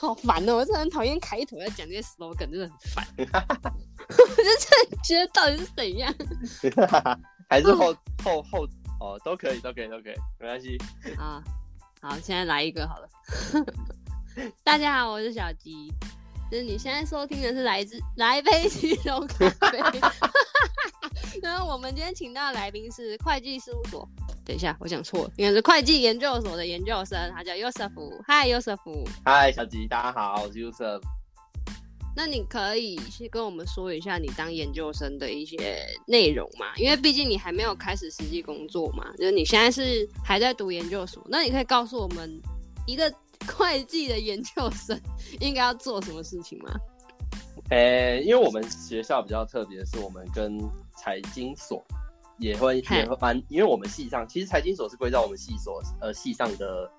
好煩哦！我真的很討厭開頭要講這些 slogan，真的很煩。 我就真的覺得到底是怎樣？ 還是後 後後哦，都可以，都可以，都可以，沒關係。啊、哦，好，現在來一個好了。 大家好，我是小吉。就是你現在收聽的是來自來杯奇柔咖啡。 那、嗯、我們今天請到的來賓是會計事務所。等一下，我講錯了，應該是會計研究所的研究生，他叫尤瑟夫。Hi，尤瑟夫。Hi，小吉，大家好，我是尤瑟夫。那你可以去跟我們說一下你當研究生的一些內容嘛？因為畢竟你還沒有開始實際工作嘛，就是你現在是還在讀研究所。那你可以告訴我們，一個會計的研究生 應該要做什麼事情嗎？誒、欸，因為我們學校比較特別的是，我們跟財經所也會也蠻，因為我們系上其實財經所是歸到我們系所，呃，系上的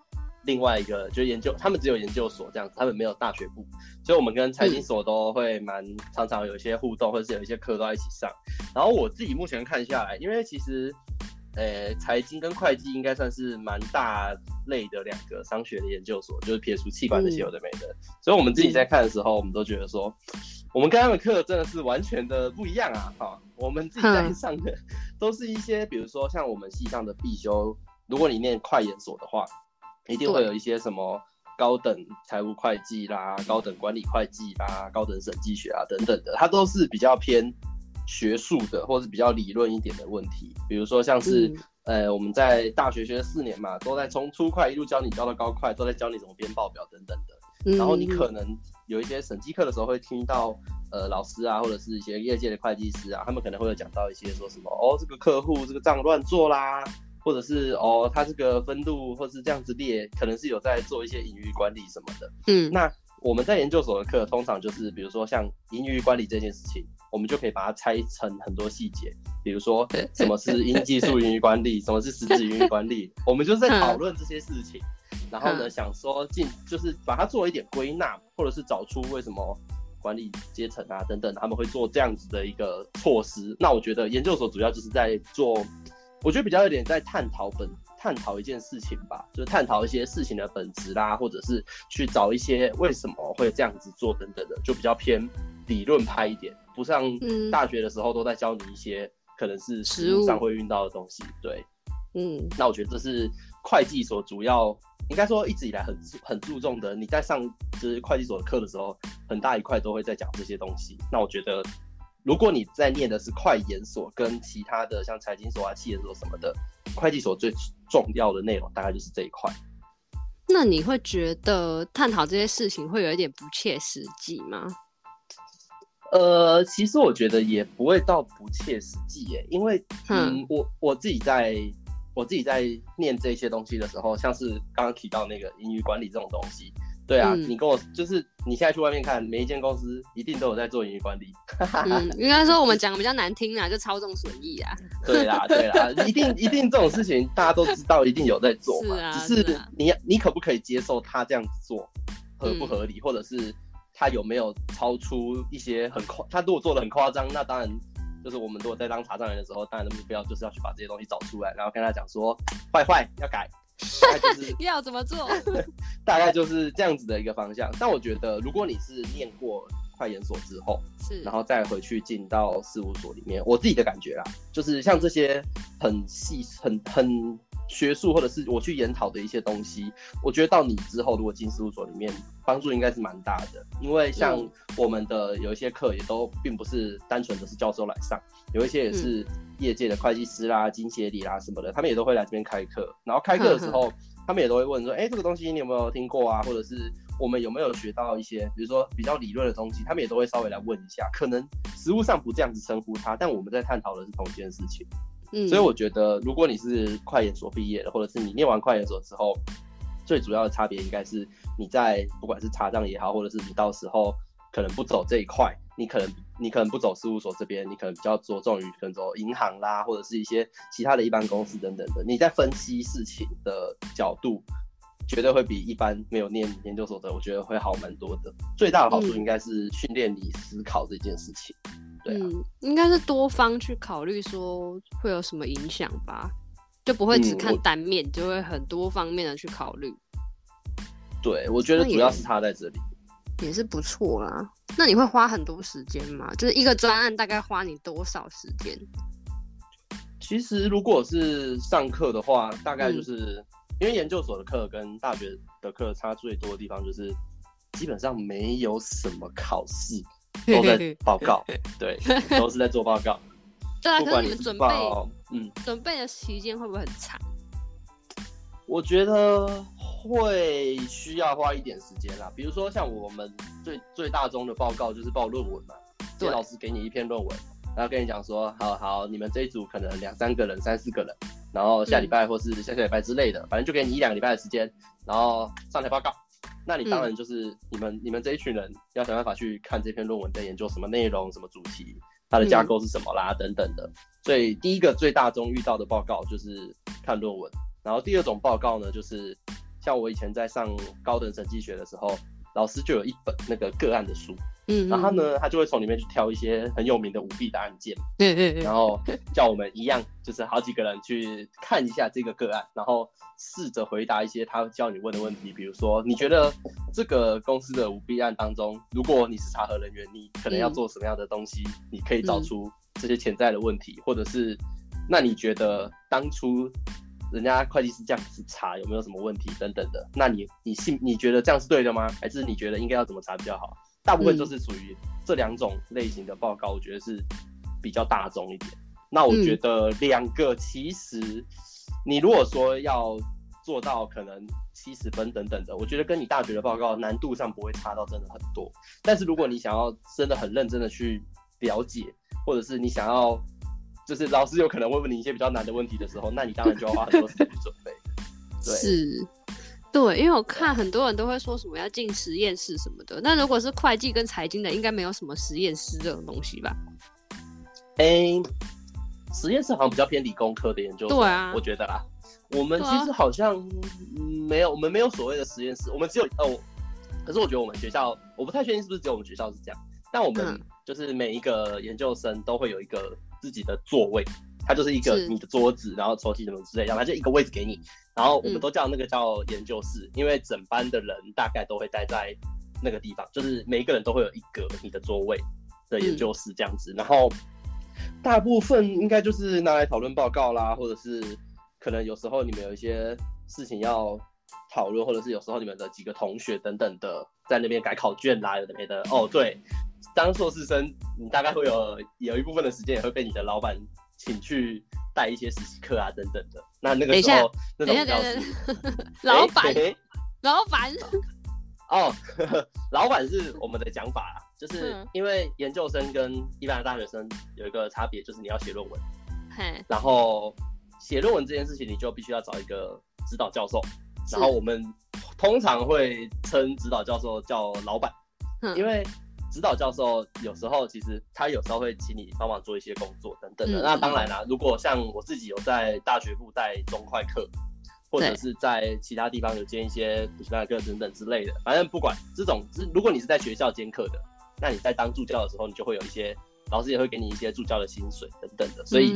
另外一個就是研究，他們只有研究所這樣子，他們沒有大學部，所以我們跟財經所都會蠻常常有一些互動，嗯、或者是有一些課都要一起上。然後我自己目前看下來，因為其實、欸、財經跟會計應該算是蠻大類的兩個商學的研究所，就是撇除器官那些有的沒的、嗯，所以我們自己在看的時候，嗯、我們都覺得說。我們跟他們的課真的是完全的不一樣啊！哦、我們自己在上的、嗯、都是一些，比如說像我們系上的必修，如果你念會研所的話，一定會有一些什麼高等財務會計啦、高等管理會計啦、高等審計學啊等等的，它都是比較偏學術的，或是比較理論一點的問題。比如說像是、嗯、呃，我們在大學學四年嘛，都在從初會一路教你教到高會，都在教你怎麼編報表等等的，然後你可能。有一些審計課的時候會聽到，呃，老師啊，或者是一些業界的會計師啊，他們可能會有講到一些說什麼，哦，這個客戶這個賬亂做啦，或者是哦，他這個分錄或是這樣子列，可能是有在做一些盈餘管理什麼的。嗯，那我們在研究所的課，通常就是比如說像盈餘管理這件事情，我們就可以把它拆成很多細節，比如說什麼是應計數盈餘管理， 什麼是實質盈餘管理，我們就是在討論這些事情。嗯然後呢，想說，進就是把它做一點歸納，或者是找出為什麼管理階層啊等等他們會做這樣子的一個措施。那我覺得研究所主要就是在做，我覺得比較有點在探討本，探討一件事情吧，就是探討一些事情的本質啦，啊，或者是去找一些為什麼會這樣子做等等的，就比較偏理論派一點，不像大學的時候都在教你一些可能是實務上會用到的東西。對，嗯，那我覺得這是。會計所主要應該說一直以來很很注重的，你在上就是會計所的課的時候，很大一塊都會在講這些東西。那我覺得，如果你在念的是快研所跟其他的像財經所啊、企業所什麼的，會計所最重要的內容大概就是這一塊。那你會覺得探討這些事情會有一點不切實際嗎？呃，其實我覺得也不會到不切實際耶，因為嗯，嗯，我我自己在。我自己在唸這些東西的時候，像是剛剛提到那個盈餘管理這種東西，對啊，嗯、你跟我就是你現在去外面看，每一間公司一定都有在做盈餘管理。嗯， 應該說我們講的比較難聽啊，就操縱損益啊。對啦、啊，對啦、啊， 一定一定這種事情大家都知道，一定有在做嘛。是啊、只是你你可不可以接受他這樣子做，合不合理、嗯，或者是他有沒有超出一些很誇？他如果做的很誇張，那當然。就是我們如果在當查賬員的時候，當然的目標就是要去把這些東西找出來，然後跟他講說，壞壞要改， 大概就是要怎麼做， 大概就是這樣子的一個方向。但我覺得，如果你是念過快研所之後，是然後再回去進到事務所裡面，我自己的感覺啦，就是像這些很細、很很。學術或者是我去研討的一些東西，我覺得到你之後，如果進事務所裡面，幫助應該是蠻大的。因為像我們的有一些課，也都並不是單純的是教授來上，有一些也是業界的會計師啦、經、嗯、協理啦什麼的，他們也都會來這邊開課。然後開課的時候呵呵，他們也都會問說：“誒、欸，這個東西你有沒有聽過啊？或者是我們有沒有學到一些，比如說比較理論的東西，他們也都會稍微來問一下。可能實務上不這樣子稱呼他，但我們在探討的是同一件事情。”所以我覺得，如果你是快研所畢業的，或者是你念完快研所之後，最主要的差別應該是你在不管是查賬也好，或者是你到時候可能不走這一塊，你可能你可能不走事務所這邊，你可能比較着重於可能走銀行啦，或者是一些其他的一般公司等等的。你在分析事情的角度，絕對會比一般沒有念研究所的，我覺得會好蠻多的、嗯。最大的好處應該是訓練你思考這件事情。對啊、嗯，應該是多方去考慮，說會有什麼影響吧，就不會只看單面，嗯、就會很多方面的去考慮。對，我覺得主要是他在這裡也是，也是不錯啦，啊。那你會花很多時間嗎？就是一個專案大概花你多少時間？其實如果是上課的話，大概就是、嗯、因為研究所的課跟大學的課差最多的地方就是，基本上沒有什麼考試。做報告，對，都是在做報告。 對啊，不管你、你們準備，嗯，準備的時間會不會很長？我覺得會需要花一點時間啦。比如說，像我們最最大宗的報告就是報論文嘛。對，老師給你一篇論文，然後跟你講說，好好，你們這一組可能兩三個人，三四個人，然後下禮拜或是下下禮拜之類的，嗯，反正就給你一兩個禮拜的時間，然後上台報告。那你當然就是你們、嗯、你們這一群人要想辦法去看這篇論文在研究什麼內容、什麼主題、它的架構是什麼啦、嗯，等等的。所以第一個最大宗遇到的報告就是看論文，然後第二種報告呢，就是像我以前在上高等審計學的時候，老師就有一本那個個案的書，嗯，然後呢，他就會從裡面去挑一些很有名的舞弊的案件，對對對，然後叫我們一樣，就是好幾個人去看一下這個個案，然後試着回答一些他教你問的問題。比如說，你覺得這個公司的舞弊案當中，如果你是查核人員，你可能要做什麼樣的東西？你可以找出這些潛在的問題，或者是那你覺得當初，人家會計師這樣子查有沒有什麼問題等等的，那你你信？你覺得這樣是對的嗎？還是你覺得應該要怎麼查比較好？大部分就是屬於這兩種類型的報告，嗯、我覺得是比較大眾一點。那我覺得兩個其實，嗯、你如果說要做到可能七十分等等的，我覺得跟你大學的報告難度上不會差到真的很多。但是如果你想要真的很認真的去了解，或者是你想要。就是老師有可能會問你一些比較難的問題的時候，那你當然就要花很多時間去準備。 對，是，對，因為我看很多人都會說什麼要進實驗室什麼的，那如果是會計跟財經的，應該沒有什麼實驗室這種東西吧？哎，實驗室好像比較偏理工科的研究。對啊，我覺得啦，我們其實好像沒有，啊、沒有，我們沒有所謂的實驗室，我們只有哦，可是我覺得我們學校，我不太確定是不是只有我們學校是這樣，但我們就是每一個研究生都會有一個。嗯自己的座位，它就是一個你的桌子，然後抽屜什麼之類的，它就一個位置給你。然後我們都叫那個叫研究室、嗯，因為整班的人大概都會待在那個地方，就是每一個人都會有一個你的座位的研究室這樣子、嗯。然後大部分應該就是拿來討論報告啦，或者是可能有時候你們有一些事情要討論，或者是有時候你們的幾個同學等等的在那邊改考卷啦，有的沒的。嗯、哦，對。當碩士生，你大概會有有一部分的時間也會被你的老闆請去帶一些實習課啊，等等的。那那個時候，那種叫什麼？老闆、欸，老闆哦、欸，老闆是我們的講法、嗯，就是因為研究生跟一般的大學生有一個差別，就是你要寫論文，然後寫論文這件事情，你就必須要找一個指導教授，然後我們通常會稱指導教授叫老闆、嗯，因為。指導教授有時候其實他有時候會請你幫忙做一些工作等等的、嗯。那當然啦，如果像我自己有在大學部帶中快課，或者是在其他地方有兼一些補習班課等等之類的，反正不管這種，如果你是在學校兼課的，那你在當助教的時候，你就會有一些老師也會給你一些助教的薪水等等的。所以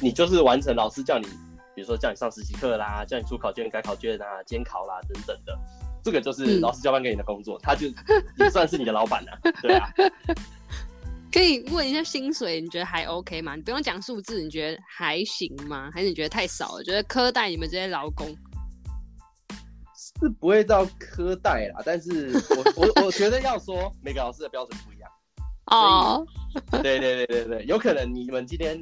你就是完成老師叫你，比如說叫你上實習課啦，叫你出考卷改考卷啦、啊，監考啦等等的。這個就是老師交辦給你的工作、嗯，他就也算是你的老闆了、啊， 對啊。可以問一下薪水，你覺得還 OK 嗎？你不用講數字，你覺得還行嗎？還是你覺得太少了？我覺得苛待你們這些勞工，是不會到苛待啦。但是我 我我覺得要說，每個老師的標準不一樣哦。 oh. 對對對對對，有可能你們今天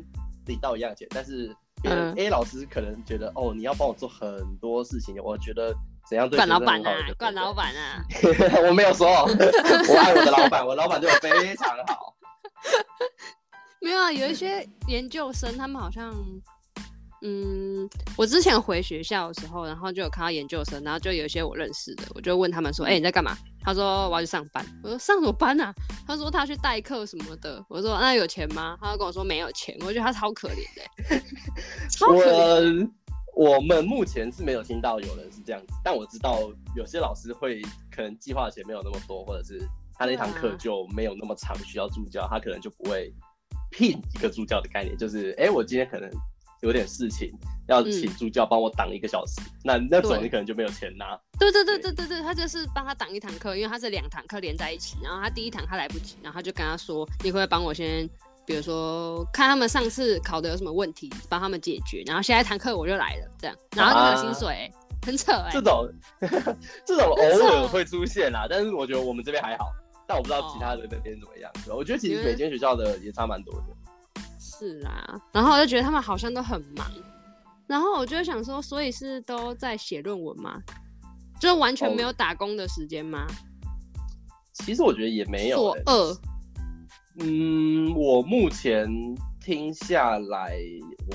領到一樣錢，但是 A、uh. 老師可能覺得哦，你要幫我做很多事情，我覺得。管老闆啊，管老闆啊！就是、啊 我沒有說，我愛我的老闆， 我老闆對我非常好。沒有啊，有一些研究生，他們好像，嗯，我之前回學校的時候，然後就有看到研究生，然後就有一些我認識的，我就問他們說：“哎、欸，你在幹嘛？”他說：“我要去上班。”我說：“上什麼班啊？”他說：“他去代課什麼的。”我說：“那有錢嗎？”他就跟我說：“沒有錢。”我覺得他超可憐的，、欸、的，我……超可憐。我們目前是沒有聽到有人是這樣子，但我知道有些老師會可能計劃的錢沒有那麼多，或者是他那堂課就沒有那麼長，需要助教、啊，他可能就不會聘一個助教的概念，就是哎、欸，我今天可能有點事情要請助教幫我擋一個小時，嗯、那那時候你可能就沒有錢拿。對對對對對對，他就是幫他擋一堂課，因為他是兩堂課連在一起，然後他第一堂他來不及，然後他就跟他說你會不會幫我先。比如說，看他們上次考的有什麼問題，幫他們解決，然後下一堂課我就來了，這樣，然後就有薪水、欸啊，很扯哎、欸。這種，呵呵這種偶爾會出現啦，但是我覺得我們這邊還好，但我不知道其他的那邊怎麼樣。哦、我覺得其實每間學校的也差蠻多的。是啦、啊，然後我就覺得他們好像都很忙，然後我就想說，所以是都在寫論文嗎？就是完全沒有打工的時間嗎、哦？其實我覺得也沒有、欸。嗯，我目前聽下來，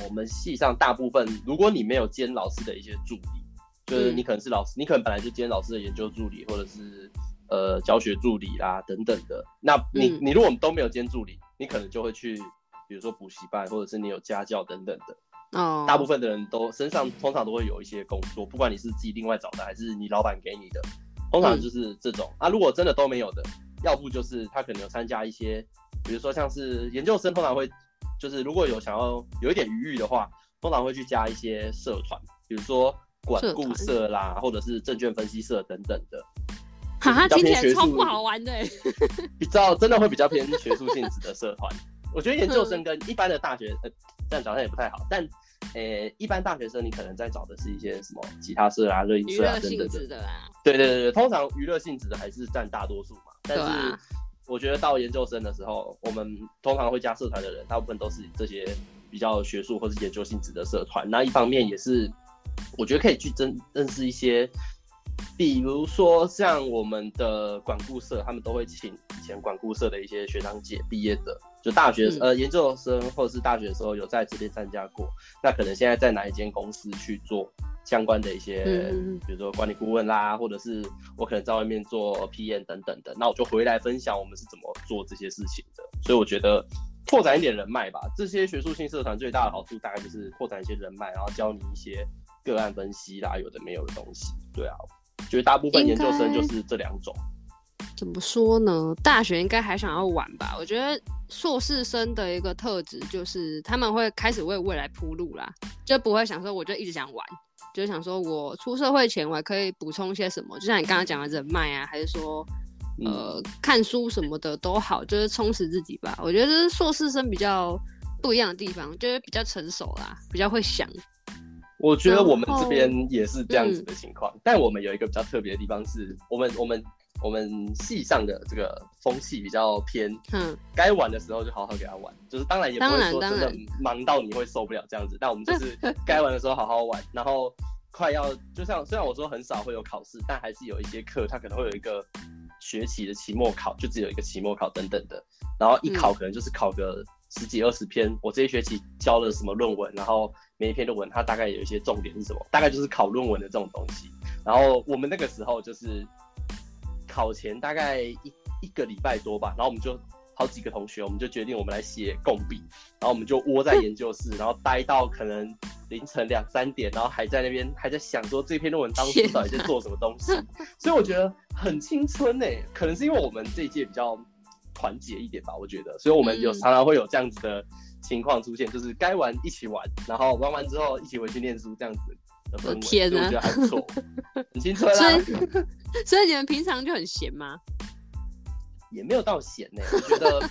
我們系上大部分，如果你沒有兼老師的一些助理，就是你可能是老師，嗯、你可能本來就兼老師的研究助理，或者是呃教學助理啦等等的。那你、嗯、你如果都沒有兼助理，你可能就會去，比如說補習班，或者是你有家教等等的。哦，大部分的人都身上通常都會有一些工作，不管你是自己另外找的，還是你老闆給你的，通常就是這種、嗯。啊，如果真的都沒有的，要不就是他可能有參加一些。比如說，像是研究生通常會，就是如果有想要有一點餘裕的話，通常會去加一些社團，比如說管顧社啦社團，或者是證券分析社等等的。哈哈，就是、比較偏學術，超不好玩的。 比較真的會比較偏學術性質的社團。 我覺得研究生跟一般的大學， 呃，這樣講也不太好。但呃，一般大學生你可能在找的是一些什麼吉他社啦、熱音社啊等等的，娛樂性質的啦。對對對，通常娛樂性質的還是占大多數嘛。但是。我覺得到研究生的時候，我們通常會加社團的人，大部分都是這些比較學術或是研究性質的社團。那一方面也是，我覺得可以去認認識一些，比如說像我們的管顧社，他們都會請以前管顧社的一些學長姐畢業的。就大學、嗯、呃研究生，或者是大學的時候有在這邊參加過，那可能現在在哪一間公司去做相關的一些，嗯、比如說管理顧問啦，或者是我可能在外面做 PM 等等的，那我就回來分享我們是怎麼做這些事情的。所以我覺得拓展一點人脈吧，這些學術性社團最大的好處大概就是拓展一些人脈，然後教你一些個案分析啦，有的沒有的東西。對啊，絕大部分研究生就是這兩種。怎麼說呢？大學應該還想要玩吧？我覺得碩士生的一個特質就是他們會開始為未來鋪路啦，就不會想說我就一直想玩，就是想說我出社會前我還可以補充些什麼。就像你剛剛講的人脈啊，還是說呃、嗯、看書什麼的都好，就是充實自己吧。我覺得是碩士生比較不一樣的地方，就是比較成熟啦，比較會想。我覺得我們這邊也是這樣子的情況，嗯，但我們有一個比較特別的地方是我們，我們我們。我們系上的這個風氣比較偏，嗯，該玩的時候就好好給他玩，就是當然也不會說真的忙到你會受不了這樣子。但我們就是該玩的時候好好玩，然後快要就像雖然我說很少會有考試，但還是有一些課，它可能會有一個學期的期末考，就只有一個期末考等等的。然後一考可能就是考個十幾二十篇，嗯、我這一學期教了什麼論文，然後每一篇論文它大概有一些重點是什麼，大概就是考論文的這種東西。然後我們那個時候就是。考前大概一一個禮拜多吧，然後我們就好幾個同學，我們就決定我們來寫共筆，然後我們就窩在研究室，嗯、然後待到可能凌晨兩三點，然後還在那邊還在想說，這篇論文當中到底在做什麼東西，所以我覺得很青春呢、欸，可能是因為我們這一屆比較團結一點吧，我覺得，所以我們有、嗯、常常會有這樣子的情況出現，就是該玩一起玩，然後玩完之後一起回去念書這樣子。天吶、啊， 很清楚，所以所以你們平常就很閒嗎？也沒有到閒呢、欸，我覺得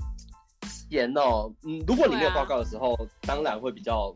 閒哦。嗯，如果你沒有報告的時候，啊、當然會比較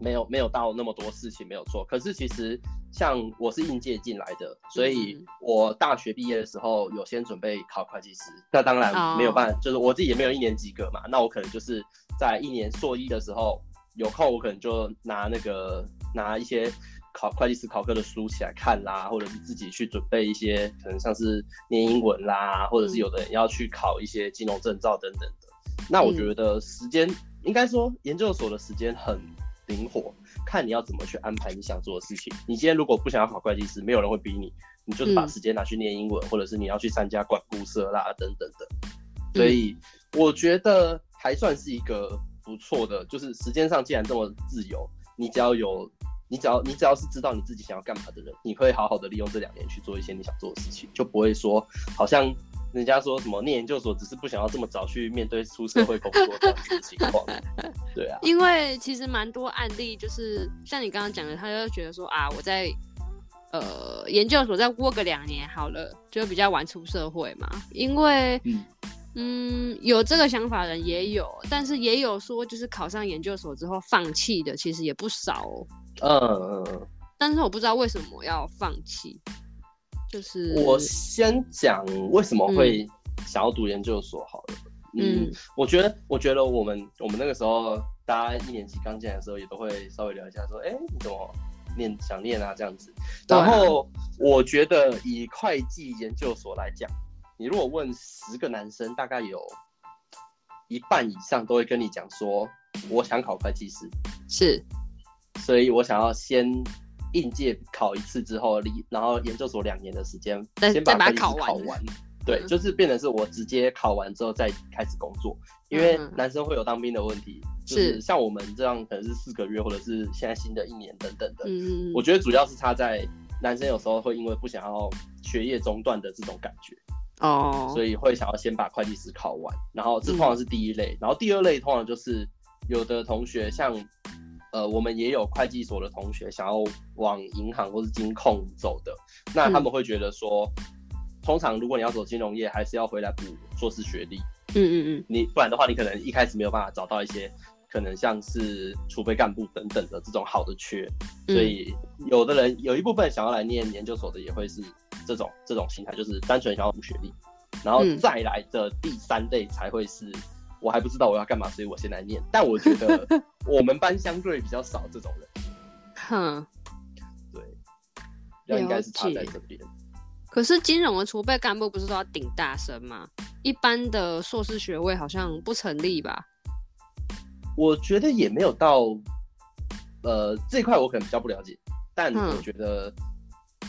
沒有沒有到那麼多事情沒有做。可是其實像我是應屆進來的，所以我大學畢業的時候有先準備考會計師，那當然沒有辦法，oh. 就是我自己也沒有一年及格嘛。那我可能就是在一年碩一的時候有空，我可能就拿那個。拿一些考會計師考科的書起來看啦，或者是自己去準備一些，可能像是念英文啦，或者是有的人要去考一些金融證照等等的。那我覺得時間，嗯，應該說研究所的時間很靈活，看你要怎麼去安排你想做的事情。你今天如果不想要考會計師，沒有人會逼你，你就是把時間拿去念英文，或者是你要去參加管顧社啦等等的。所以我覺得還算是一個不錯的，就是時間上既然這麼自由，你只要有。你只要，你只要是知道你自己想要幹嘛的人，你可以好好的利用這兩年去做一些你想做的事情，就不會說好像人家說什麼念研究所只是不想要這麼早去面對出社會工作這樣子的情況。 對啊，因為其實蠻多案例就是像你剛剛講的，他就覺得說啊，我在呃研究所再過個兩年好了，就比較晚出社會嘛。因為嗯有這個想法的人也有，但是也有說就是考上研究所之後放棄的，其實也不少哦。嗯嗯嗯，但是我不知道為什麼要放棄，就是我先講為什麼會想要讀研究所好了。嗯，嗯我覺得我覺得我們我們那個時候大家一年級剛進來的時候也都會稍微聊一下說，說、欸、哎，你怎麼念想念啊這樣子。然後我覺得以會計研究所來講，你如果問十個男生，大概有一半以上都會跟你講說我想考會計師是，所以我想要先應屆考一次之後離，然後研究所兩年的時間，先把會計師考完。對、嗯，就是變成是我直接考完之後再開始工作，因為男生會有當兵的問題，嗯，就是像我們這樣可能是四個月，或者是現在新的一年等等的。我覺得主要是差在男生有時候會因為不想要學業中斷的這種感覺哦、嗯，所以會想要先把會計師考完，然後這通常是第一類、嗯，然後第二類通常就是有的同學像。呃，我們也有會計所的同學想要往銀行或是金控走的，那他們會覺得說，嗯、通常如果你要走金融業，還是要回來補碩士學歷。嗯嗯嗯，你不然的話，你可能一開始沒有辦法找到一些可能像是儲備幹部等等的這種好的缺，嗯、所以有的人有一部分想要來念研究所的，也會是這種這種心態，就是單純想要補學歷，然後再來的第三類才會是。我還不知道我要幹嘛，所以我先來念。但我覺得我們班相對比較少這種人。哼， 對，應該是他在這邊。可是金融的儲備幹部不是都要頂大生嗎？一般的碩士學位好像不成立吧？我覺得也沒有到，呃，這塊我可能比較不了解。但我覺得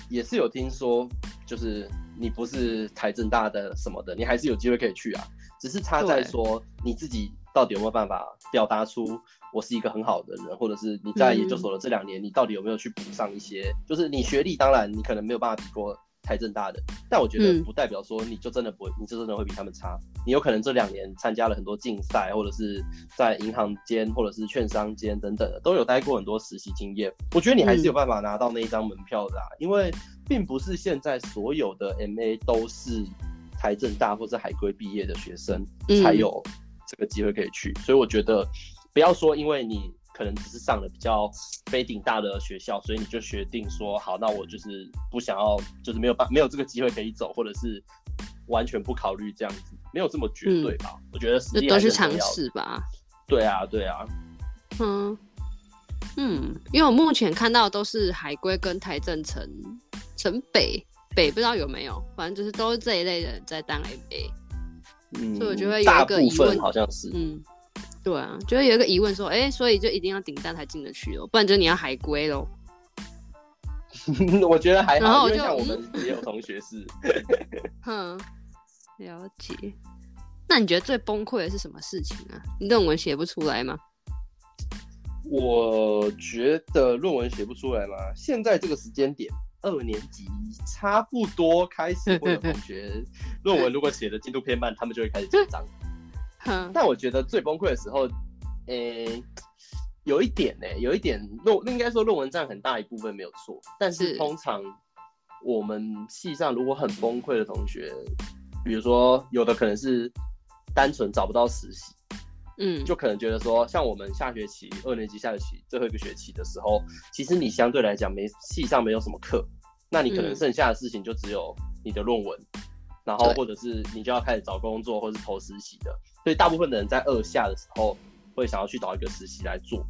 也是有聽說，就是你不是財政大的什麼的，你還是有機會可以去啊。只是差在說你自己到底有沒有辦法表達出我是一個很好的人，或者是你在研究所的這兩年，你到底有沒有去補上一些？就是你學歷，當然你可能沒有辦法比過台政大的，但我覺得不代表說你就真的不會，你就真的會比他們差。你有可能這兩年參加了很多競賽，或者是在銀行間或者是券商間等等的，都有待過很多實習經驗。我覺得你還是有辦法拿到那一張門票的，因為並不是現在所有的 MA 都是。台政大或是海歸畢業的學生才有這個機會可以去。嗯，所以我覺得不要說因為你可能只是上了比較非頂大的學校，所以你就決定說好，那我就是不想要，就是沒有辦沒有這個機會可以走，或者是完全不考慮這樣子，沒有這麼絕對吧？嗯，我覺得這都是常識吧。對啊，對啊。嗯嗯，因為我目前看到的都是海歸跟台政成成北，北不知道有沒有，反正就是都是這一類的人在當 MA。嗯，所以我就會有一個疑問，部分好像是，嗯，對啊，就會有一個疑問說，哎、欸，所以就一定要頂大才進得去哦？不然就是你要海歸嘍。 我覺得還好就，因為像我們也有同學是，哼、嗯， 了解。那你覺得最崩潰的是什麼事情啊？你論文寫不出來嗎？我覺得論文寫不出來啦？現在這個時間點。二年級差不多開始，有的同學論 文如果寫的進度偏慢， 他們就會開始緊張。 但我覺得最崩潰的時候，誒、欸，有一點呢、欸，有一點論應該說論文佔很大一部分沒有錯。但是通常我們系上如果很崩潰的同學，比如說有的可能是單純找不到實習。嗯，就可能覺得說，像我們下學期二年級下學期最後一個學期的時候，其實你相對來講沒系上沒有什麼課，那你可能剩下的事情就只有你的論文、嗯，然後或者是你就要開始找工作，或者是投實習的。所以大部分的人在二下的時候會想要去找一個實習來做。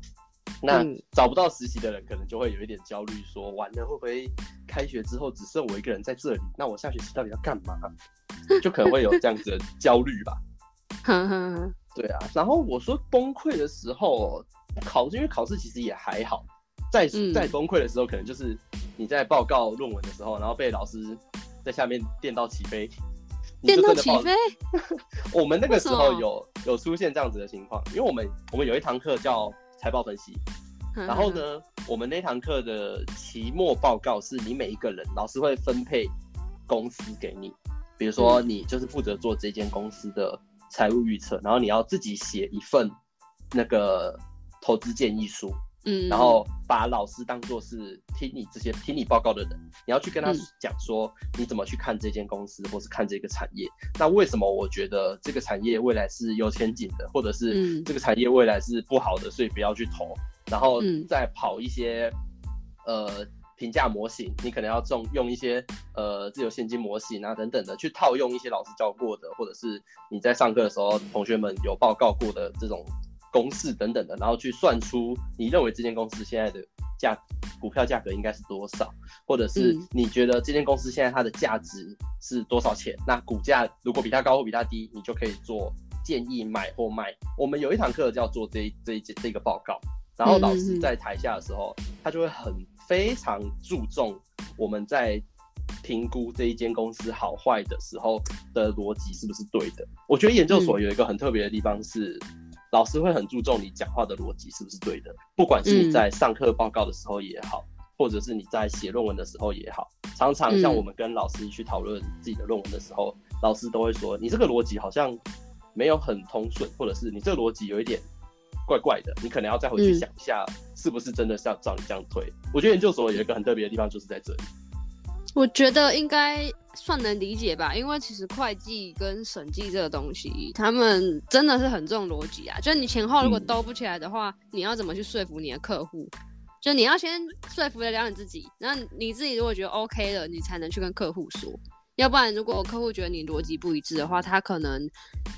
那找不到實習的人，可能就會有一點焦慮，說完了會不會開學之後只剩我一個人在這裡？那我下學期到底要幹嘛？ 就可能會有這樣子的焦慮吧。 對啊，然後我說崩潰的時候，考試因為考試其實也還好，在、嗯、在崩潰的時候，可能就是你在報告論文的時候，然後被老師在下面電到起飛，電到起飛。你就真的 我們那個時候有有出現這樣子的情況，因為我們我們有一堂課叫財報分析，然後呢、嗯，我們那堂課的期末報告是你每一個人老師會分配公司給你，比如說你就是負責做這間公司的。財務預測，然後你要自己寫一份那個投資建議書，嗯，然後把老師當做是聽你這些聽你報告的人，你要去跟他講說你怎麼去看這間公司，嗯，或是看這個產業。那為什麼我覺得這個產業未來是有前景的，或者是這個產業未來是不好的，所以不要去投，然後再跑一些，嗯，呃。評價模型，你可能要用用一些呃自由現金模型啊等等的，去套用一些老師教過的，或者是你在上課的時候同學們有報告過的這種公式等等的，然後去算出你認為這間公司現在的價股票價格應該是多少，或者是你覺得這間公司現在它的價值是多少錢？嗯、那股價如果比它高或比它低，你就可以做建議買或賣。我們有一堂課叫做這一這一這一個報告，然後老師在台下的時候，嗯嗯他就會很。非常注重我們在評估這一間公司好壞的時候的邏輯是不是對的。我覺得研究所有一個很特別的地方是，老師會很注重你講話的邏輯是不是對的。不管是你在上課報告的時候也好，或者是你在寫論文的時候也好，常常像我們跟老師去討論自己的論文的時候，老師都會說：“你這個邏輯好像沒有很通順，或者是你這個邏輯有一點。”怪怪的，你可能要再回去想一下，是不是真的是要照你這樣推、嗯？我覺得研究所有一個很特別的地方，就是在這裡。我覺得應該算能理解吧，因為其實會計跟審計這個東西，他們真的是很重邏輯啊。就是你前後如果兜不起來的話，嗯、你要怎麼去說服你的客戶？就你要先說服得了你自己，那你自己如果覺得 OK 的，你才能去跟客戶說。要不然，如果客戶覺得你邏輯不一致的話，他可能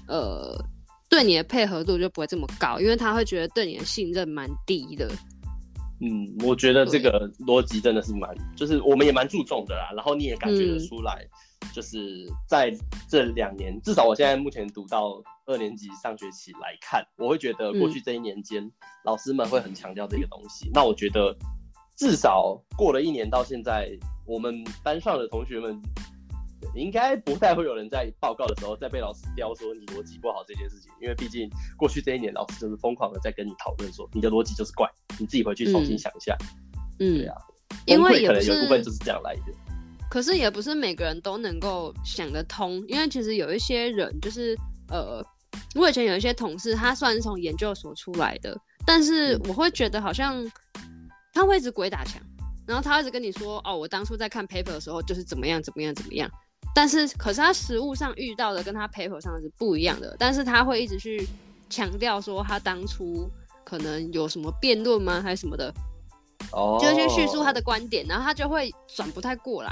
呃。對你的配合度就不會這麼高，因為他會覺得對你的信任蠻低的。嗯，我覺得這個邏輯真的是蠻，就是我們也蠻注重的啦。然後你也感覺得出來，就是在這兩年、嗯，至少我現在目前讀到二年級上學期來看，我會覺得過去這一年間，嗯、老師們會很強調這個東西。那我覺得，至少過了一年到現在，我們班上的同學們。你應該不太會有人在報告的時候再被老師刁說你邏輯不好這件事情，因為畢竟過去這一年老師就是瘋狂的在跟你討論說你的邏輯就是怪，你自己回去重新想一下。嗯，對啊，因為可能有部分就是這樣來的。是可是也不是每個人都能夠想得通，因為其實有一些人就是呃，我以前有一些同事，他雖然是從研究所出來的，但是我會覺得好像他會一直鬼打牆，然後他會一直跟你說哦，我當初在看 paper 的時候就是怎麼樣怎麼樣怎麼樣。但是，可是他實務上遇到的跟他 paper 上的是不一樣的。但是他會一直去強調說他當初可能有什麼辯論嗎，還是什麼的？哦、oh,，就是去敘述他的觀點，然後他就會轉不太過來。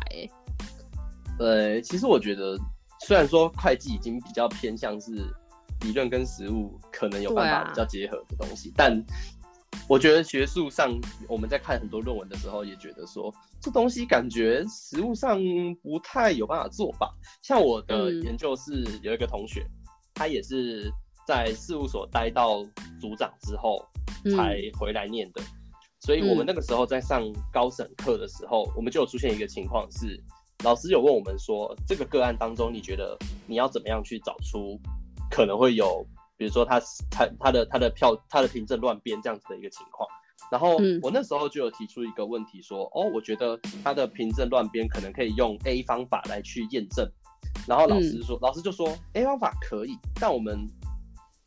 對，其實我覺得，雖然說會計已經比較偏向是理論跟實務可能有辦法比較結合的東西，啊、但。我覺得學術上，我們在看很多論文的時候，也覺得說這東西感覺實務上不太有辦法做吧。像我的研究室有一個同學，嗯、他也是在事務所待到組長之後才回來念的，嗯。所以我們那個時候在上高審課的時候，我們就有出現一個情況是，老師有問我們說，這個個案當中，你覺得你要怎麼樣去找出可能會有？比如說，他他他的他的票他的憑證亂編這樣子的一個情況，然後我那時候就有提出一個問題說，嗯、哦，我覺得他的憑證亂編可能可以用 A 方法來去驗證，然後老師說、嗯，老師就說 A 方法可以，但我們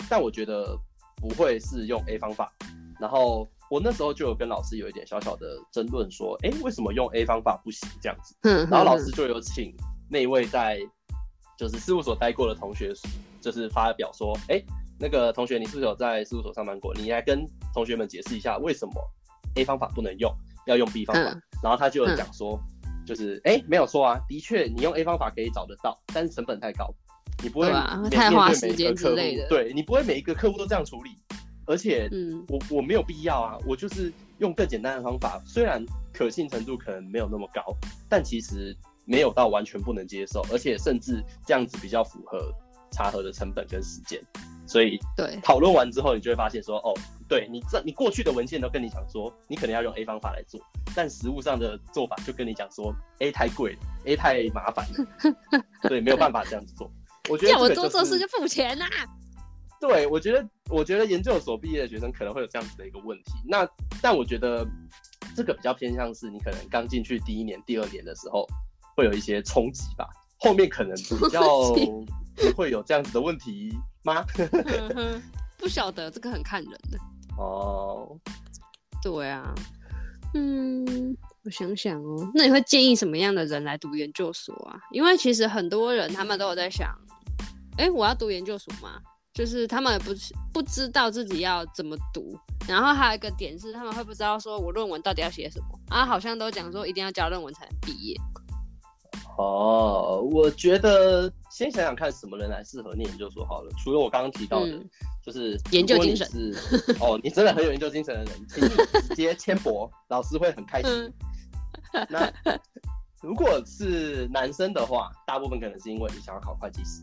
但我覺得不會是用 A 方法，然後我那時候就有跟老師有一點小小的爭論說，哎、欸，為什麼用 A 方法不行這樣子？然後老師就有請那位在就是事務所待過的同學，就是發表說，哎、欸。那個同學，你是不是有在事務所上班過？你來跟同學們解釋一下為什麼 A 方法不能用，要用 B 方法。嗯、然後他就講說、嗯，就是誒、欸，沒有錯啊，的確你用 A 方法可以找得到，但是成本太高，你不會每太花時間之類的。對，對你不會每一個客戶都這樣處理，而且我、嗯、我，我沒有必要啊，我就是用更簡單的方法，雖然可信程度可能沒有那麼高，但其實沒有到完全不能接受，而且甚至這樣子比較符合查核的成本跟時間。所以對討論完之後，你就會發現說，哦，對，你這你過去的文獻都跟你講說，你可能要用 A 方法來做，但實務上的做法就跟你講說，A 太貴，A 太麻煩了，所 以沒有辦法這樣子做。我覺得叫、就是、我做做事就付錢啦、啊、對，我覺得我覺得研究所畢業的學生可能會有這樣子的一個問題。那但我覺得這個比較偏向是你可能剛進去第一年、第二年的時候會有一些衝擊吧，後面可能比較。 會有這樣子的問題嗎？ 不曉得，這個很看人的。哦、oh.，對啊，嗯，我想想哦，那你會建議什麼樣的人來讀研究所啊？因為其實很多人他們都有在想，哎、欸，我要讀研究所嗎？就是他們不是不知道自己要怎麼讀，然後還有一個點是他們會不知道說，我論文到底要寫什麼啊？好像都講說一定要交論文才能畢業。哦、oh,，我覺得。先想想看什麼人來適合念研究所好了。除了我剛剛提到的，嗯、就是，是研究精神。哦，你真的很有研究精神的人， 你可以直接簽博，老師會很開心。嗯、 那如果是男生的話，大部分可能是因為你想要考會計師，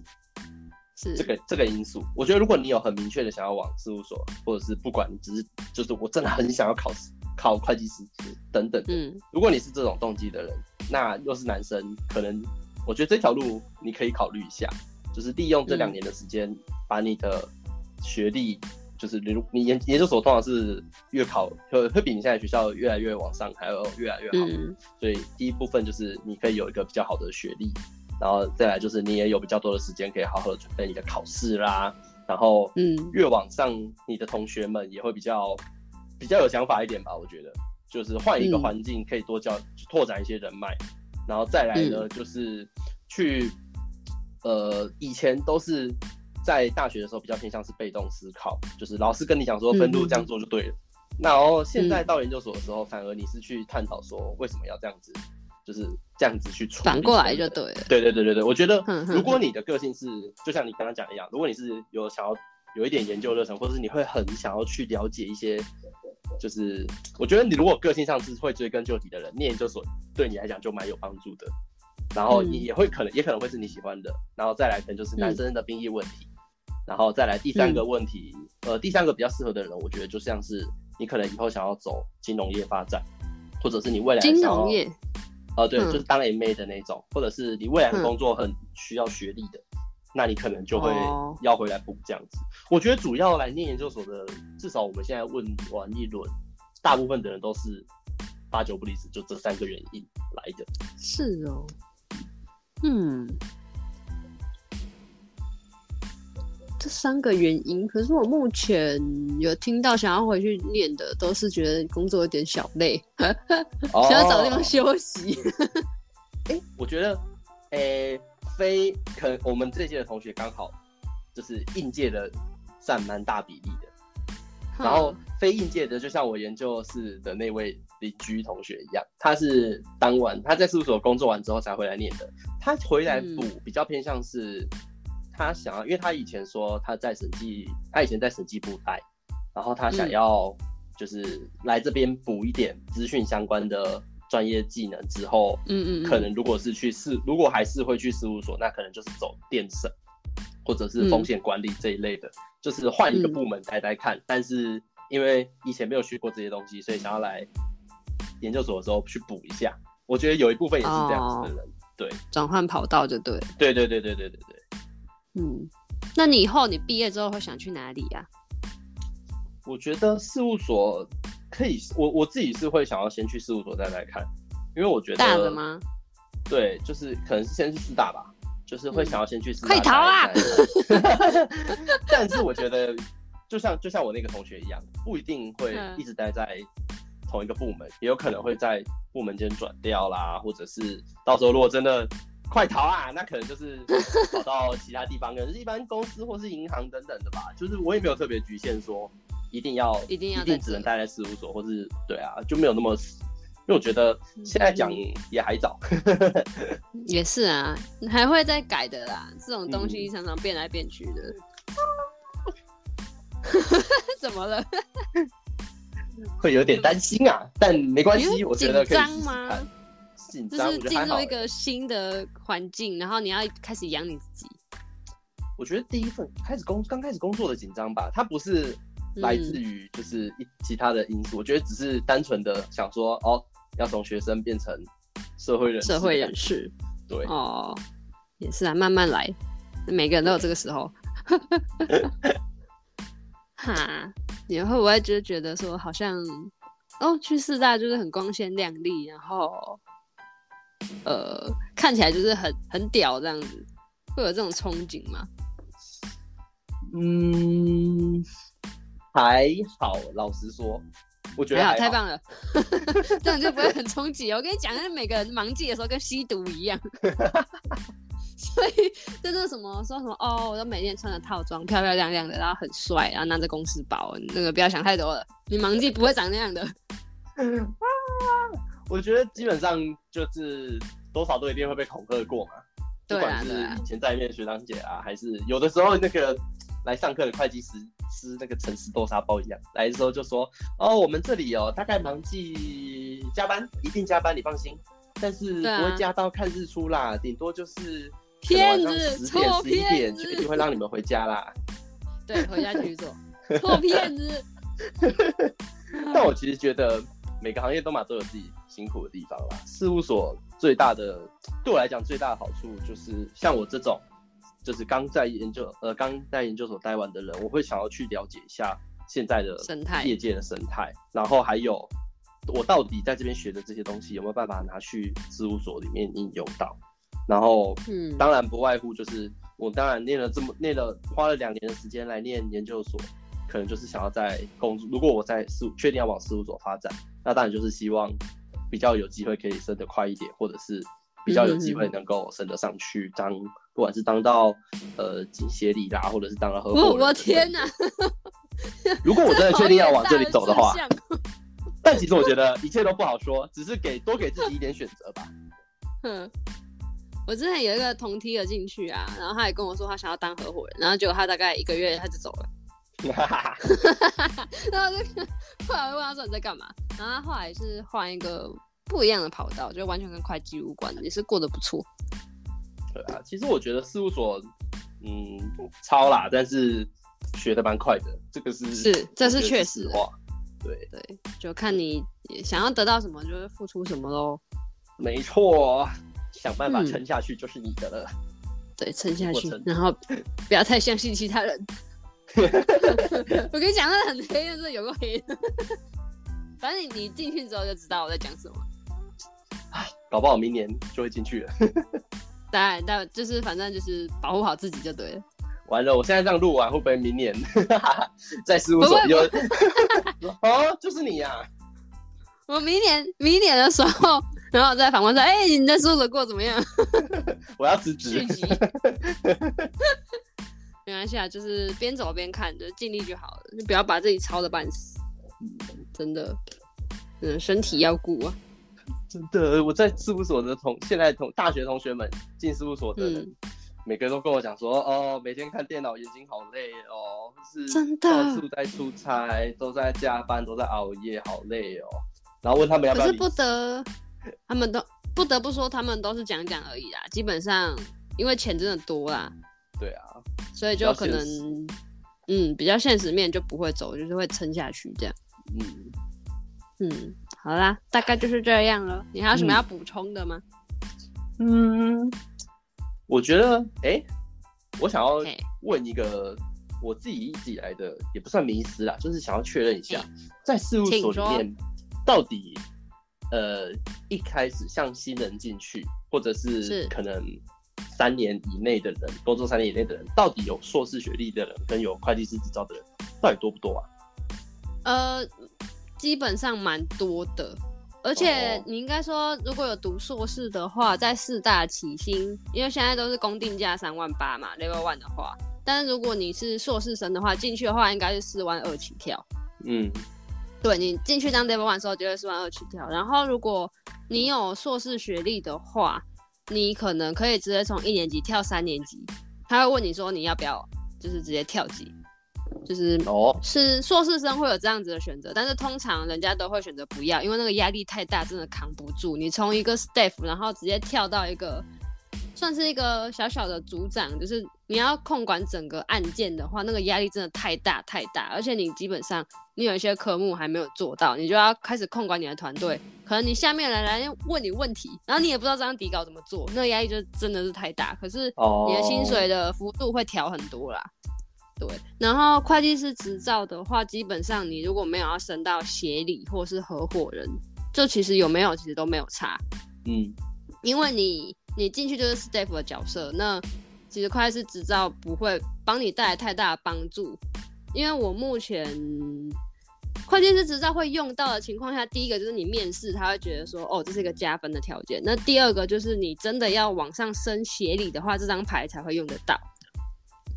是這個這個因素。我覺得如果你有很明確的想要往事務所，或者是不管，只是就是我真的很想要考考會計師等等的。嗯，如果你是這種動機的人，那又是男生，可能。我覺得這條路你可以考慮一下，就是利用這兩年的時間，把你的學歷，嗯、就是你研研究所通常是越考會會比你現在學校越來越往上，還有越來越好。嗯、所以第一部分就是你可以有一個比較好的學歷，然後再來就是你也有比較多的時間可以好好的準備你的考試啦。然後，嗯，越往上，你的同學們也會比較比較有想法一點吧。我覺得就是換一個環境，可以多交拓展一些人脈。然後再來呢、嗯，就是去，呃，以前都是在大學的時候比較偏向是被動思考，就是老師跟你講說分路這樣做就對了。那、嗯、然後現在到研究所的時候、嗯，反而你是去探討說為什麼要這樣子，就是這樣子去出。反過來就對了。對對對對對，我覺得如果你的個性是哼哼哼，就像你剛剛講的一樣，如果你是有想要有一點研究熱忱，或者是你會很想要去了解一些。就是我覺得你如果個性上是會追根究底的人，念研究所對你來講就蠻有幫助的。然後你也會可能也可能會是你喜歡的。然後再來可能就是男生的兵役問題。然後再來第三個問題，呃，第三個比較適合的人，我覺得就像是你可能以後想要走金融業發展，或者是你未來想要。哦。對，就是當 MA 的那種，或者是你未來的工作很需要學歷的。那你可能就會要回來補這樣子。Oh. 我覺得主要來念研究所的，至少我們現在問完一輪，大部分的人都是八九不離十，就這三個原因來的。是哦，嗯，這三個原因。可是我目前有聽到想要回去念的，都是覺得工作有點小累，想要找地方休息。 我覺得，欸非可，我們這屆的同學剛好就是應屆的占蠻大比例的，然後非應屆的就像我研究室的那位鄰居同學一樣，他是當完他在事務所工作完之後才回來念的，他回來補比較偏向是，他想要，因為他以前說他在審計，他以前在審計部待，然後他想要就是來這邊補一點資訊相關的。專業技能之後，嗯,嗯嗯，可能如果是去事，如果還是會去事務所，那可能就是走電審，或者是風險管理這一類的，嗯、就是換一個部門待待看、嗯。但是因為以前沒有學過這些東西，所以想要來研究所的時候去補一下。我覺得有一部分也是這樣子的人，哦、對，轉換跑道就對。對,對對對對對對對。嗯，那你以後你畢業之後會想去哪裡呀、啊？我覺得事務所。可以，我我自己是會想要先去事務所再來看，因為我覺得大的嗎？對，就是可能是先去四大吧，就是會想要先去四大，嗯。快逃啊！ 但是我覺得，就像就像我那個同學一樣，不一定會一直待在同一個部門，嗯，也有可能會在部門間轉調啦，或者是到時候如果真的快逃啊，那可能就是跑到其他地方， 可能是一般公司或是銀行等等的吧。就是我也沒有特別侷限說。一定要，一定要，一定只能待在事務所，或是對啊，就沒有那麼，因為我覺得現在講也還早。嗯嗯、 也是啊，你還會再改的啦，這種東西常常變來變去的。嗯、 怎麼了？會有點擔心啊、嗯，但沒關係，我覺得緊張嗎？緊張，就是進入一個新的環境，然後你要開始養你自己。我覺得第一份開始工剛開始工作的緊張吧，它不是。來自於就是一其他的因素、嗯，我覺得只是單純的想說，哦，要從學生變成社會人士，社會人士，對，哦，也是啊，慢慢來，每個人都有這個時候。 哈，你會不會就覺得說，好像哦，去四大就是很光鮮亮麗，然後呃，看起來就是很很屌這樣子，會有這種憧憬嗎？嗯。還好，老實說，我覺得太棒了，這 樣就不會很衝擊，哦。 我跟你講，那每個人忙季的時候跟吸毒一樣， 所以真、就是什麼說什麼哦，我都每天穿著套裝，漂漂亮亮的，然後很帥，然後拿着公司包，那個不要想太多了，你忙季不會長那樣的。 我覺得基本上就是多少都一定會被恐嚇過嘛對、啊，不管是以前在一面學長姐啊，啊，啊，還是有的時候那個。嗯。來上課的會計師吃那個城市豆沙包一樣，來的時候就說哦，我們這裡哦，大概忙季加班，一定加班，你放心，但是不會加到看日出啦，啊、頂多就是天晚上十點十一點，就一定會讓你們回家啦。對，回家去做做騙子。 但我其實覺得每個行業都嘛都有自己辛苦的地方啦。事務所最大的對我來講最大的好處就是像我這種。就是剛在研究，呃，剛在研究所待完的人，我會想要去了解一下現在的生態，業界的生態，然後還有我到底在這邊學的這些東西有沒有辦法拿去事務所裡面應用到。然後，嗯，當然不外乎就是我當然念了這麼念了花了兩年的時間來念研究所，可能就是想要在工作。如果我在事務確定要往事務所發展，那當然就是希望比較有機會可以升得快一點，或者是。比較有機會能夠升得上去，嗯嗯嗯，當不管是當到呃協理啦，或者是當到合夥人等等。哦。我的天哪！ 如果我真的確定要往這裡走的話，的喔。 但其實我覺得一切都不好說，只是給多給自己一點選擇吧。嗯，我之前有一個同梯的進去啊，然後他也跟我說他想要當合夥人，然後結果他大概一個月他就走了。 然後我就後來我問他說你在幹嘛？然後他後來是換一個。不一樣的跑道，就完全跟會計無關，也是過得不錯。對啊，其實我覺得事務所，嗯，超啦，但是學的蠻快的，這個是是這是確實哇。對對，就看你想要得到什麼，就是付出什麼嘍。沒錯，想辦法撐下去就是你的了。嗯、對，撐下去，然後不要太相信其他人。 我跟你講，那個、很黑暗，是有個黑。反正你你進去之後就知道我在講什麼。搞不好明年就會進去了。對， 但就是反正就是保護好自己就對了。完了，我現在這樣錄完，會不會明年 在事務所？不，不，不 哦，就是你呀，啊！我明年明年的時候，然後再反觀說，哎，欸，你在事務所過怎麼樣？ 我要辭職。 沒關係啊，就是邊走邊看，就盡，是，力就好了。就不要把自己操的半死，真的。嗯，身體要顧啊。真的，我在事務所的同，現在同大學同學們進事務所的人，嗯，每個人都跟我講說，哦，每天看電腦眼睛好累哦，是，真的，到處在出差，都在加班，都在熬夜，好累哦。然後問他們要不要理，可是不得，他們都不得不說，他們都是講講而已啦。基本上，因為錢真的多啦，對啊，所以就可能，嗯，比較現實面就不會走，就是會撐下去這樣，嗯。嗯，好啦，大概就是這樣了。你還有什麼要補充的嗎？嗯，嗯，我覺得，哎、欸，我想要問一個我自己一直以來的，也不算迷思啦，就是想要確認一下、欸，在事務所裡面，到底，呃，一開始向新人進去，或者是可能三年以內的人，工作三年以內的人，到底有碩士學歷的人跟有會計師執照的人，到底多不多啊？呃。基本上蠻多的，而且你應該說，如果有讀碩士的話，在四大起薪，因為現在都是公定價三萬八嘛，level one 的話。但是如果你是碩士生的話，進去的話應該是四萬二起跳。嗯，對，你進去當 level one 的時候就是四萬二起跳，然後如果你有碩士學歷的話，你可能可以直接從一年級跳三年級，他會問你說你要不要，就是直接跳級。就是哦，是碩士生會有這樣子的選擇，oh. 但是通常人家都會選擇不要，因為那個壓力太大，真的扛不住。你從一個 staff 然後直接跳到一個，算是一個小小的組長，就是你要控管整個案件的話，那個壓力真的太大太大。而且你基本上你有一些科目還沒有做到，你就要開始控管你的團隊，可能你下面人來問你問題，然後你也不知道這張底稿怎麼做，那個壓力就真的是太大。可是你的薪水的幅度會調很多啦。Oh. 對，然後會計師執照的話，基本上你如果沒有要升到協理或是合夥人，就其實有沒有其實都沒有差，嗯，因為你你進去就是 staff 的角色，那其實會計師執照不會幫你帶來太大的幫助，因為我目前會計師執照會用到的情況下，第一個就是你面試他會覺得說哦，這是一個加分的條件，那第二個就是你真的要往上升協理的話，這張牌才會用得到。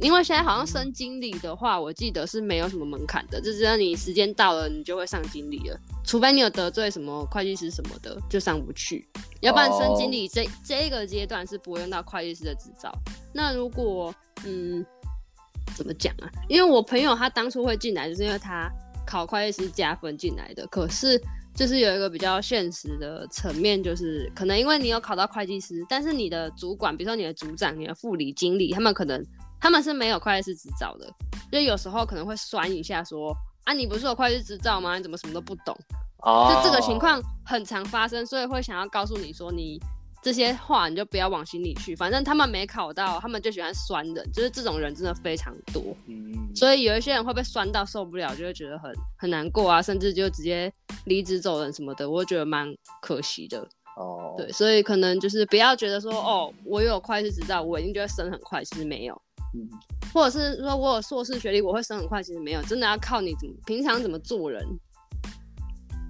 因為現在好像升經理的話，我記得是沒有什麼門檻的，就只要你時間到了，你就會上經理了。除非你有得罪什麼會計師什麼的，就上不去。要不然升經理這、oh. 這一個階段是不會用到會計師的執照。那如果嗯，怎麼講啊？因為我朋友他當初會進來，就是因為他考會計師加分進來的。可是就是有一個比較現實的層面，就是可能因為你有考到會計師，但是你的主管，比如說你的組長、你的副理、經理，他們可能。他們是沒有會計師執照的，就有時候可能會酸一下說，說啊，你不是有會計執照嗎？你怎麼什麼都不懂？Oh. 就這個情況很常發生，所以會想要告訴你說，你這些話你就不要往心裡去。反正他們沒考到，他們就喜歡酸的，就是這種人真的非常多。嗯、mm -hmm. 所以有一些人會被酸到受不了，就會覺得很很難過啊，甚至就直接離職走人什麼的。我覺得蠻可惜的。哦、oh.。對，所以可能就是不要覺得說，哦，我有會計執照，我一定就會升很快。其實沒有。嗯，或者是說我有碩士學歷，我會升很快。其實沒有，真的要靠你怎麼平常怎麼做人。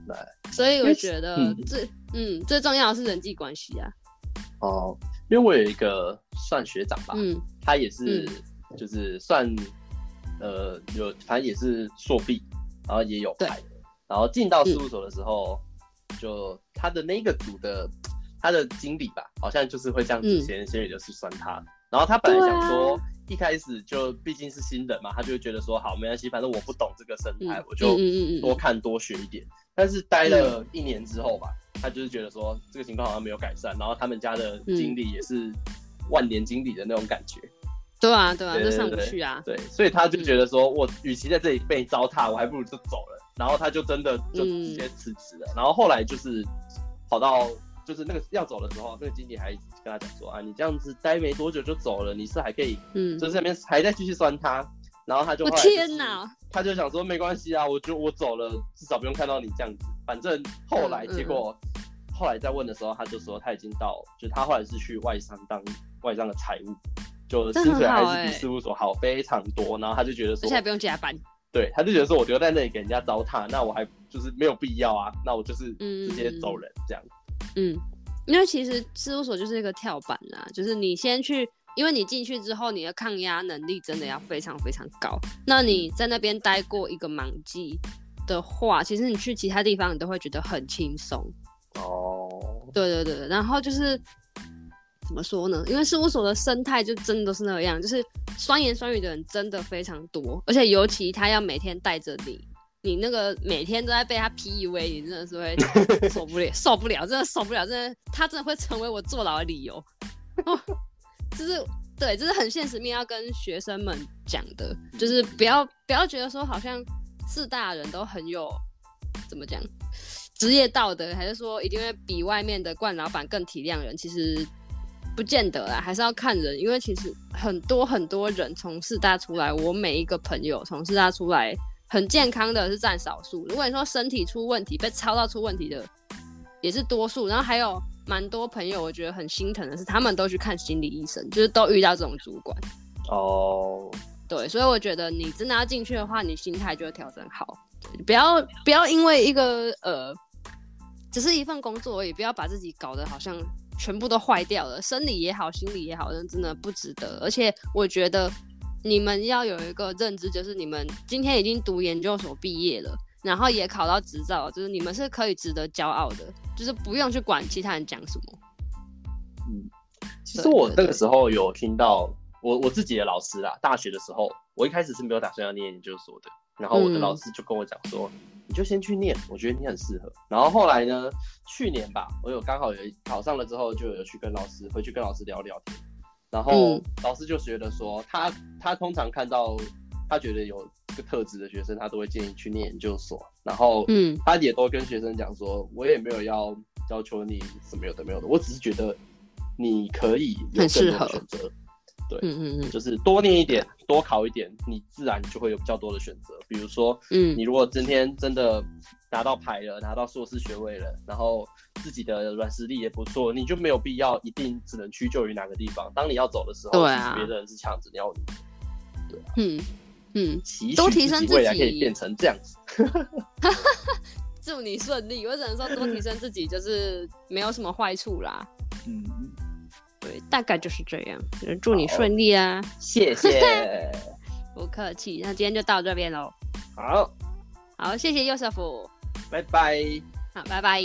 對、Right.。所以我覺得最嗯，嗯最重要的是人際關係啊。哦，因為我有一個算學長吧，嗯、他也是就是算、嗯、呃有反正也是碩畢，然後也有牌，然後進到事務所的時候，嗯、就他的那個組的他的經理吧，好像就是會這樣子，先、嗯、先也就是算他。然後他本來想說，啊、一開始就畢竟是新人嘛，他就覺得說好沒關係，反正我不懂這個生態、嗯，我就多看多學一點、嗯。但是待了一年之後吧、嗯，他就是覺得說這個情況好像沒有改善，然後他們家的經理也是萬年經理的那種感覺。對、嗯、啊，對啊，就上不去啊。對，所以他就覺得說我與其在這裡被糟蹋，我還不如就走了。然後他就真的就直接辭職了、嗯。然後後來就是跑到，就是那個要走的時候，那個經理還跟他講說：“啊，你這樣子待沒多久就走了，你是還可以，嗯，就在那邊還在繼續酸他。然後他就會、就是、天吶，他就想說沒關係啊，我就我走了，至少不用看到你這樣子。反正後來、嗯、結果，嗯、後來再問的時候，他就說他已經到了、嗯，就他後來是去外商當外商的財務，就薪水還是比事務所好非常多。然後他就覺得說，現在不用加班，對，他就覺得說我留在那裡給人家糟蹋，那我還就是沒有必要啊，那我就是直接走人這樣。嗯”嗯，因為其實事務所就是一個跳板啦、啊，就是你先去，因為你進去之後，你的抗壓能力真的要非常非常高。那你在那邊待過一個忙季的話，其實你去其他地方你都會覺得很輕鬆。哦，對對對，然後就是怎麼說呢？因為事務所的生態就真的都是那樣，就是酸言酸語的人真的非常多，而且尤其他要每天帶着你。你那個每天都在被他 PUA，你真的是會受不了， 受不了，真的受不了，真的，他真的會成為我坐牢的理由。就 是對，就是很現實面要跟學生們講的，就是不要不要覺得說好像四大人都很有怎麼講職業道德，還是說一定會比外面的慣老闆更體諒人，其實不見得啦，還是要看人，因為其實很多很多人從四大出來，我每一個朋友從四大出來。很健康的是佔少數，如果你說身體出問題，被操到出問題的也是多數，然後還有蠻多朋友，我覺得很心疼的是他們都去看心理醫生，就是都遇到這種主管。哦，oh，對，所以我覺得你真的要進去的話，你心態就要調整好，不要不要因為一個呃，只是一份工作而已，不要把自己搞得好像全部都壞掉了，生理也好，心理也好，真的不值得。而且我覺得。你們要有一個認知，就是你們今天已經讀研究所畢業了，然後也考到執照，就是你們是可以值得驕傲的，就是不用去管其他人講什麼。嗯，其實我那個時候有聽到我我自己的老師啦，大學的時候，我一開始是沒有打算要念研究所的，然後我的老師就跟我講說，嗯，你就先去念，我覺得你很適合。然後後來呢，去年吧，我有剛好有考上了之後，就有去跟老師回去跟老師聊聊天。然後老師就覺得說他、嗯，他他通常看到，他覺得有個特質的學生，他都會建議去念研究所。然後，嗯，他也都跟學生講說，我也沒有要要求你什麼有的沒有的，我只是覺得你可以有更多選擇。對，嗯嗯就是多念一點、啊，多考一點，你自然就會有比較多的選擇。比如說，嗯，你如果今天真的拿到牌了，拿到碩士學位了，然後自己的軟實力也不錯，你就沒有必要一定只能屈就於哪個地方。當你要走的時候，別、啊、的人是搶着要你。對、啊，嗯嗯，多提升自己，未來可以變成這樣子。 祝你順利！我只能說，多提升自己就是沒有什麼壞處啦。嗯。對，大概就是這樣。祝你順利啊！謝謝， 不客氣。那今天就到這邊嘍。好，好，謝謝右師傅，拜拜。好，拜拜。